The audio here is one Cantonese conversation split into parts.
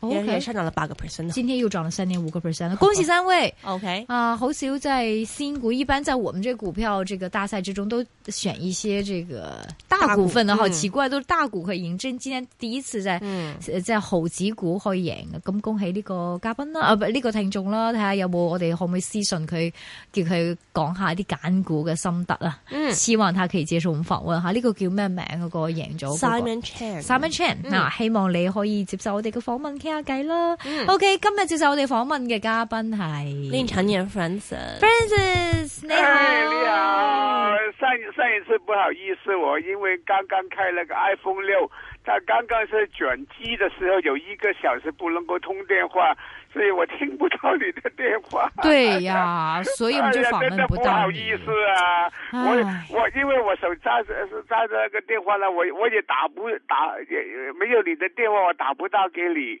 OK，今日又漲了八個 percent，今日又漲了三點五個 percent，恭喜三位。OK，啊，好少在新股，一般在我們這股票這個大賽之中都選一些這個大股份的，好、嗯、奇怪，都是大股可以贏。真，今天第一次在在毫子股可以贏，咁恭喜呢個嘉賓啦，嗯、啊，呢、這個聽眾啦，睇下有冇我哋可唔可以私信佢，叫佢講一下啲揀股嘅心得啊，嗯、希望佢可以接受我們訪問下，呢、這個叫咩名嗰個贏咗 Simon Chan，Simon Chan，嗱、嗯啊，希望你可以接受我哋嘅訪問。計 OK 今日接受我哋訪問嘅嘉賓係藺常念 Francis，Francis 你好、啊，你好，上上一次不好意思，我因為剛剛開了個 iPhone 六，他剛剛是轉機的時候有一個小時不能夠通電話，所以我聽不到你的電話。對呀，啊、所以我就真的不好意思啊，唉我我因為我手揸住揸住個電話我我也打不打，也沒有你的電話我打不到給你。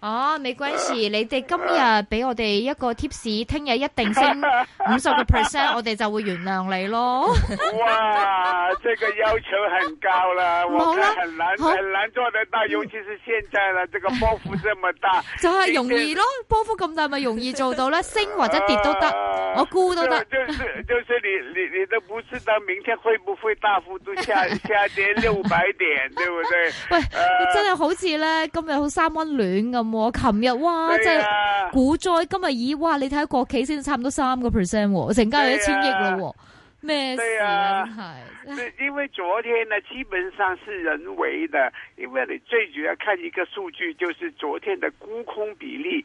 哦，沒關係，呃、你哋今日俾我哋一個 tips，聽日一定升五十個 percent，我哋就會原諒你咯。哇，這個要求很高啦，我很難很難做得到，尤其是現在啦，這個波幅這麼大，呃、先就係容易咯，波幅咁大咪容易做到咧，升或者跌都得，呃、我估都得、就是。就是就是你你你都不知道明天會不會大幅度下下跌六百點，呃、對唔對？喂，呃、真係好似咧，今日好三溫暖、啊。琴日哇，即係、啊、股災！今日咦哇，你睇下國企先差唔多三個 percent，成交有一千億啦，咩事啊？啊哎、因為昨天呢，基本上是人為的，因為你最主要看一個數據，就是昨天的沽空比例。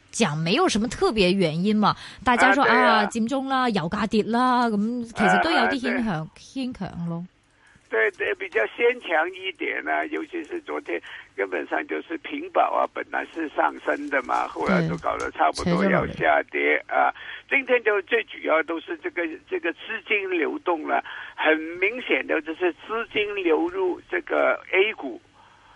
講沒有什麼特別原因嘛，大家說啊，佔中啦，油價、啊啊、跌啦，咁、啊、其實都有啲牽強牽強咯對。對，比較牽強一點啦、啊，尤其是昨天根本上就是平保啊，本來是上升的嘛，後來都搞得差不多要下跌、就是、啊。今天就最主要都是這個這個資金流動了，很明顯的就是資金流入這個 A 股。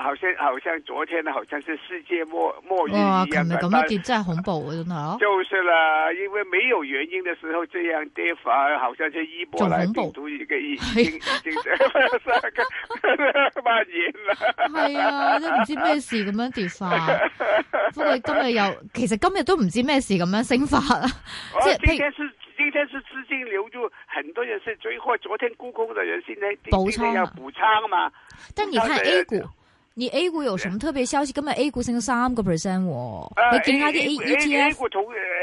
好像好像昨天，好像是世界末末日一樣哇，琴日咁樣跌真係恐怖啊，真係。就是啦，因為沒有原因的時候這樣跌法，好像係一波來補足一個疫情，驚神三個八年啦。係啊，都唔知咩事咁樣跌法。不過今日又，其實今日都唔知咩事咁樣升法啊。即係，今天是今天是資金流入，很多人是追開昨天沽空的人，現在補倉要補倉嘛。但係你看 A 股。你 A 股有什麼特別消息？今日 A 股升三個 percent。哦呃、你其他啲 a 股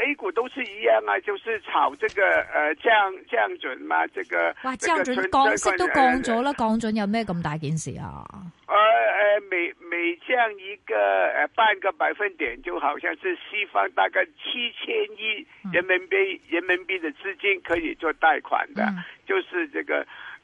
A 股都是一樣啊，就是炒這個誒、呃、降降準嘛，這個。哇，降準降息都降咗啦，降、哎、準有咩咁大件事啊？誒誒、呃，每、呃、每降一個誒、呃、半個百分點，就好像是西方大概七千億人民幣、嗯、人民幣的資金可以做貸款的，嗯、就是這個。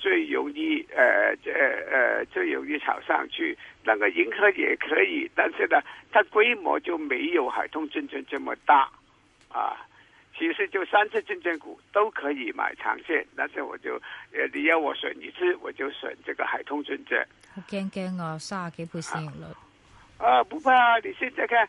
最容易呃呃呃最容易炒上去，那個銀河也可以，但是呢，它規模就沒有海通證券這麼大，啊，其實就三隻證券股都可以買長線，但是我就呃你要我選一隻，我就選這個海通證券。好驚驚啊，卅幾倍市盈率。啊，不怕啊，你現在看。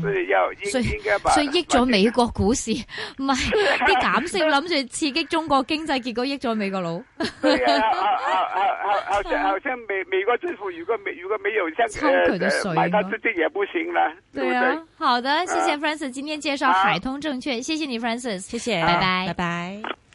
所以，要所以，所以益咗美國股市，唔係啲減息諗住刺激中國經濟，結果益咗美國佬。係 啊，好，好，好，好，好像好像美美國政府如果沒如果沒有，像、呃、買他自己也不行啦。對啊，對對，好的，謝謝 Francis，今天介紹海通證券。好謝謝你 Francis，謝謝，拜拜 bye，拜拜。